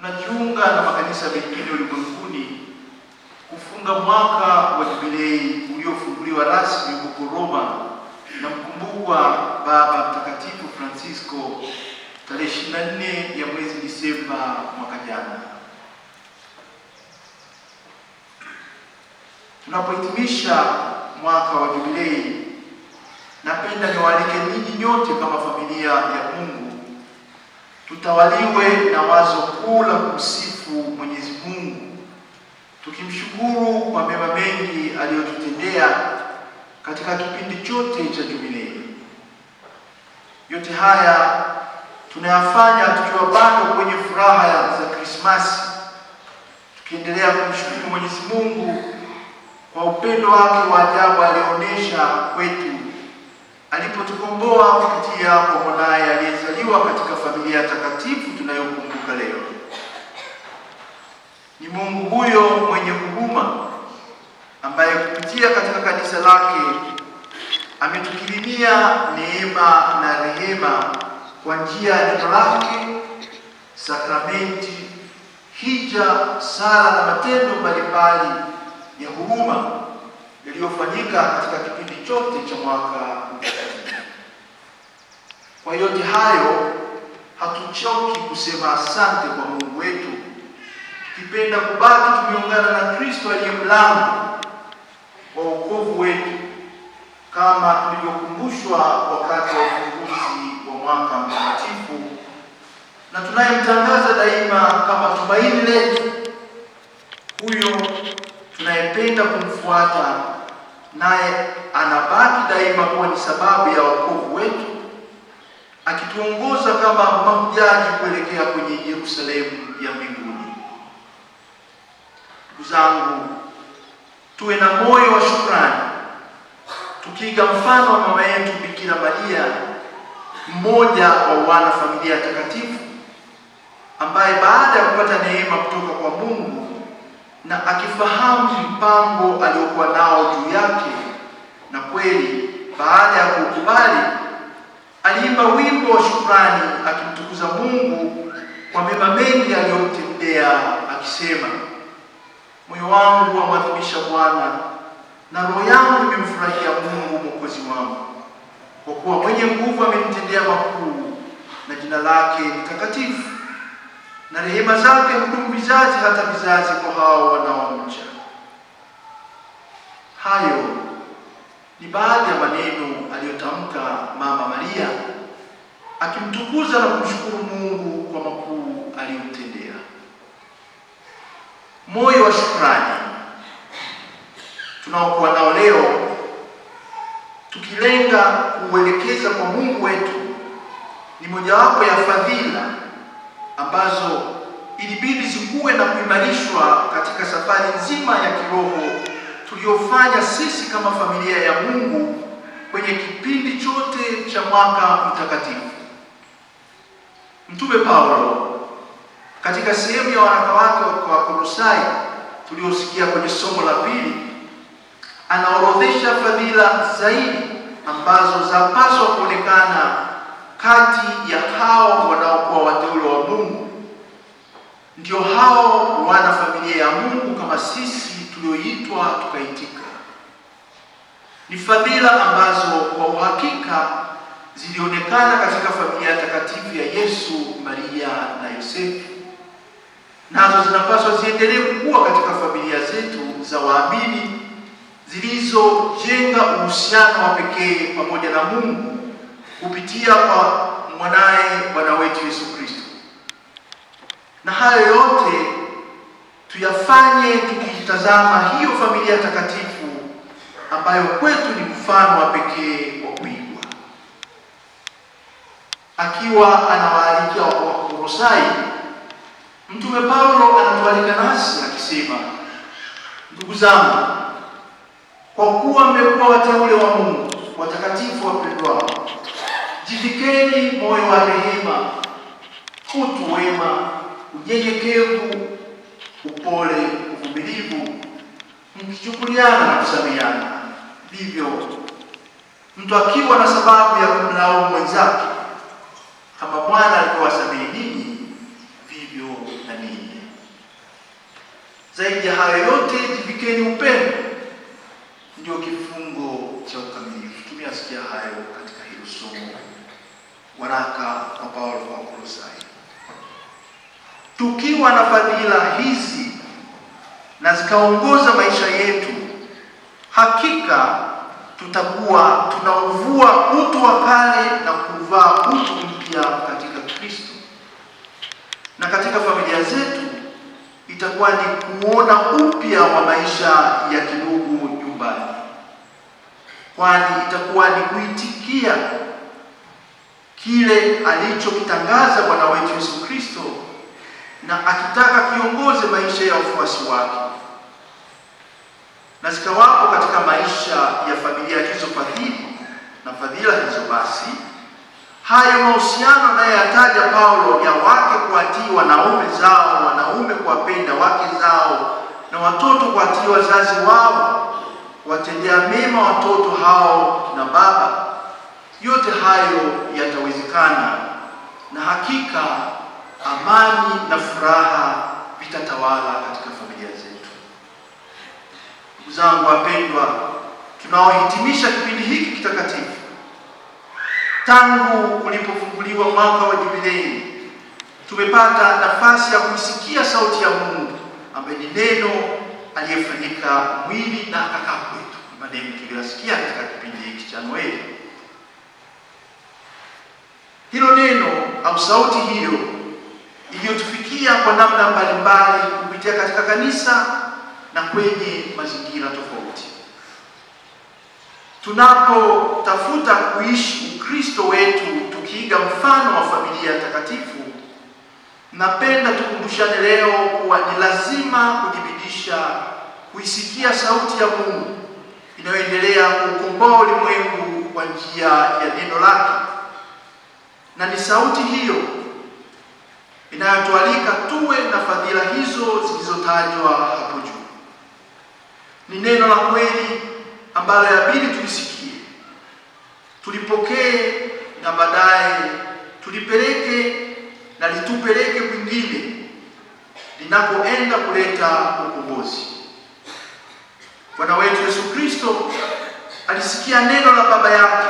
tunajiunga na makanisa mengine ulimwenguni kufunga mwaka wa jubilei uliofunguliwa rasmi huko Roma na mkumbukwa Baba Mtakatifu Francisco tarehe 24 ya mwezi Disemba mwaka jana. Tunapohitimisha mwaka wa jubilei, napenda niwaalike ninyi nyote kama familia ya Mungu tutawaliwe na wazo kuu la kumsifu Mwenyezi Mungu, tukimshukuru kwa mema mengi aliyotutendea katika kipindi chote cha Jubilei. Yote haya tunayafanya tukiwa bado kwenye furaha za Krismasi, tukiendelea kumshukuru Mwenyezi Mungu kwa upendo wake wa ajabu alionyesha kwetu alipotukomboa kupitia kwa mwanaye aliyezaliwa katika familia takatifu tunayokumbuka leo. Ni Mungu huyo mwenye huruma ambaye kupitia katika kanisa lake ametukirimia neema na rehema kwa njia ya neno lake, sakramenti, hija, sala na matendo mbalimbali ya huruma yaliyofanyika katika kipindi chote cha mwaka kwa yote hayo hatuchoki kusema asante kwa Mungu wetu, tukipenda kubaki tumeungana na Kristo aliye mlango wa wokovu wetu, kama tulivyokumbushwa wakati wa ufunguzi wa mwaka mtakatifu, na tunayemtangaza daima kama tumaini letu, huyo tunayependa kumfuata, naye anabaki daima kuwa ni sababu ya wokovu wetu akituongoza kama mahujaji kuelekea kwenye Yerusalemu ya mbinguni. Ndugu zangu, tuwe na moyo wa shukrani, tukiiga mfano wa mama yetu Bikira Maria, mmoja wa wana familia takatifu, ambaye baada ya kupata neema kutoka kwa Mungu na akifahamu mpango aliokuwa nao juu yake, na kweli baada ya kukubali aliimba wimbo wa shukrani akimtukuza Mungu kwa mema mengi aliyomtendea akisema, moyo wangu wamadhimisha Bwana na roho yangu imemfurahia Mungu mwokozi wangu, kwa kuwa mwenye nguvu amenitendea makuu, na jina lake ni takatifu, na rehema zake hudumu vizazi hata vizazi kwa hao wanaomcha. Hayo ni baadhi ya maneno aliyotamka Mama Maria akimtukuza na kumshukuru Mungu kwa makuu aliyomtendea. Moyo wa shukrani tunaokuwa nao leo, tukilenga kuuelekeza kwa Mungu wetu, ni mojawapo ya fadhila ambazo ilibidi zikuwe na kuimarishwa katika safari nzima ya kiroho tuliyofanya sisi kama familia ya Mungu kwenye kipindi chote cha mwaka mtakatifu. Mtume Paulo katika sehemu ya waraka wake kwa Wakolosai tuliosikia kwenye somo la pili, anaorodhesha fadhila zaidi ambazo zapaswa kuonekana kati ya hao wanaokuwa wateule wa Mungu. Ndio hao wana familia ya Mungu kama sisi tulioitwa tukaitika. Ni fadhila ambazo kwa uhakika zilionekana katika familia takatifu ya Yesu, Maria na Yosefu, nazo zinapaswa ziendelee kuwa katika familia zetu za waamini zilizojenga uhusiano wa pekee pamoja na Mungu kupitia kwa mwanaye Bwana wetu Yesu Kristo. Na hayo yote tuyafanye tukitazama hiyo familia takatifu ambayo kwetu ni mfano wa pekee wa kuigwa. Akiwa anawaalikia Wakolosai, Mtume Paulo anatualika nasi akisema, ndugu zangu, kwa kuwa mmekuwa wateule wa Mungu watakatifu wapendwao, jivikeni moyo wa rehema, utu wema, unyenyekevu upole, uvumilivu, mkichukuliana na kusameheana. Vivyo mtu akiwa na sababu ya kumlaumu mwenzake, kama Bwana alivyowasamehe ninyi, vivyo na ninyi. Zaidi ya hayo yote, jivikeni upendo, ndio kifungo cha ukamilifu. Tumeyasikia hayo katika hilo somo, waraka wa Paulo kwa Wakolosai. Tukiwa na fadhila hizi na zikaongoza maisha yetu, hakika tutakuwa tunauvua utu wa kale na kuvaa utu mpya katika Kristo, na katika familia zetu itakuwa ni kuona upya wa maisha ya kidugu nyumbani, kwani itakuwa ni kuitikia kile alichokitangaza Bwana wetu Yesu Kristo na akitaka kiongoze maisha ya wafuasi wake, na zikawapo katika maisha ya familia hizo fadhili na fadhila hizo. Basi hayo mahusiano anayoyataja Paulo ya wake kuatii wanaume zao, wanaume kuwapenda wake zao, na watoto kuatii wazazi wao, watendea mema watoto hao na baba, yote hayo yatawezekana na hakika amani na furaha vitatawala katika familia zetu. Ndugu zangu wapendwa, tunaohitimisha kipindi hiki kitakatifu tangu ulipofunguliwa mwaka wa Jubilei, tumepata nafasi ya kuisikia sauti ya Mungu ambaye ni neno aliyefanyika mwili na akakaa kwetu. Maneno tuliyoyasikia katika kipindi hiki cha Noeli, hilo neno au sauti hiyo iliyotufikia kwa namna mbalimbali kupitia katika kanisa na kwenye mazingira tofauti. Tunapotafuta kuishi Ukristo wetu tukiiga mfano wa familia takatifu, napenda tukumbushane leo kuwa ni lazima kujibidisha kuisikia sauti ya Mungu inayoendelea kuukomboa ulimwengu kwa njia ya neno lake, na ni sauti hiyo inayotualika tuwe na fadhila hizo zilizotajwa hapo juu. Ni neno la kweli ambalo yabidi tulisikie, tulipokee na baadaye tulipeleke na litupeleke kwingine linapoenda kuleta ukombozi. Bwana wetu Yesu Kristo alisikia neno la Baba yake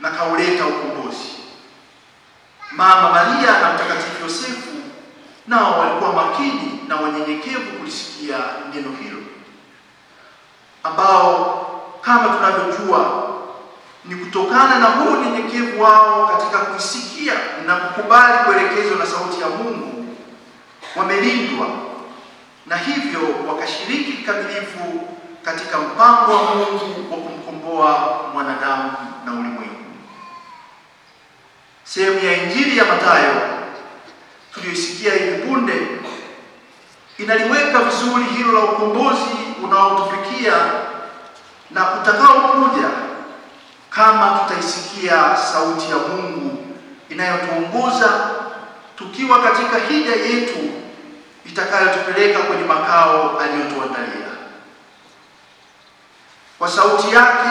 na kauleta ukombozi. Mama Maria na Mtakatifu Yosefu nao walikuwa makini na wanyenyekevu kulisikia neno hilo, ambao kama tunavyojua ni kutokana na huo unyenyekevu wao katika kuisikia na kukubali kuelekezwa na sauti ya Mungu, wamelindwa na hivyo wakashiriki kikamilifu katika mpango wa Mungu wa kumkomboa mwanadamu sehemu ya Injili ya Mathayo tuliyoisikia hivi punde inaliweka vizuri hilo la ukombozi unaotufikia na utakaokuja kama tutaisikia sauti ya Mungu inayotuongoza tukiwa katika hija yetu itakayotupeleka kwenye makao aliyotuandalia. Kwa sauti yake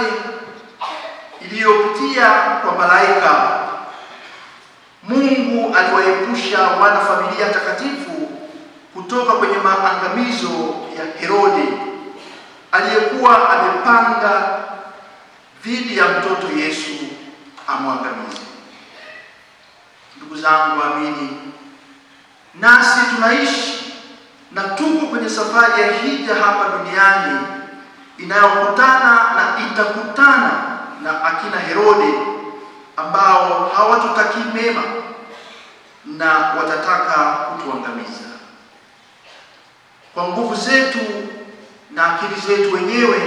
iliyopitia kwa malaika Mungu aliwaepusha wana familia takatifu kutoka kwenye maangamizo ya Herode aliyekuwa amepanga dhidi ya mtoto Yesu amwangamize. Ndugu zangu waamini, nasi tunaishi na tuko kwenye safari ya hija hapa duniani inayokutana na itakutana na akina Herode ambao hawatutakii mema na watataka kutuangamiza. Kwa nguvu zetu na akili zetu wenyewe,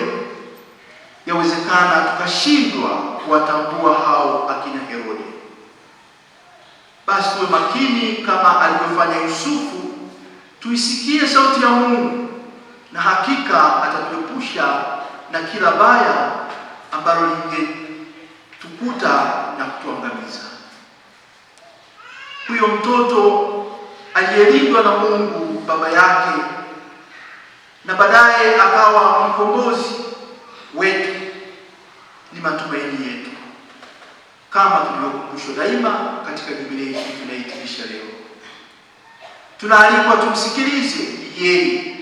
yawezekana tukashindwa kuwatambua hao akina Herode. Basi tuwe makini kama alivyofanya Yusufu, tuisikie sauti ya Mungu, na hakika atatuepusha na kila baya ambalo linge kutukuta na kutuangamiza. Huyo mtoto aliyelindwa na Mungu baba yake na baadaye akawa mkombozi wetu ni matumaini yetu, kama tulivyokumbushwa daima katika Jubilei hii tunaitimisha leo. Tunaalikwa tumsikilize yeye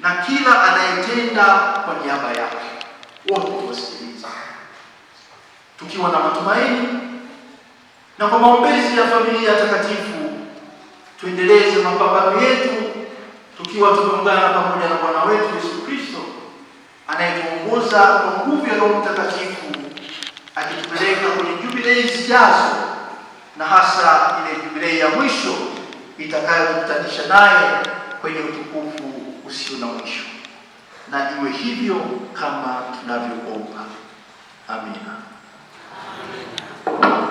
na kila anayetenda kwa niaba yake, wote tuwasikilize tukiwa na matumaini na kwa maombezi ya familia takatifu tuendeleze mapambano yetu tukiwa tumeungana pamoja na Bwana wetu Yesu Kristo anayetuongoza kwa nguvu ya Roho Mtakatifu akitupeleka kwenye jubilei zijazo na hasa ile jubilei ya mwisho itakayokutanisha naye kwenye utukufu usio na mwisho. Na iwe hivyo kama tunavyoomba. Amina. Thank you.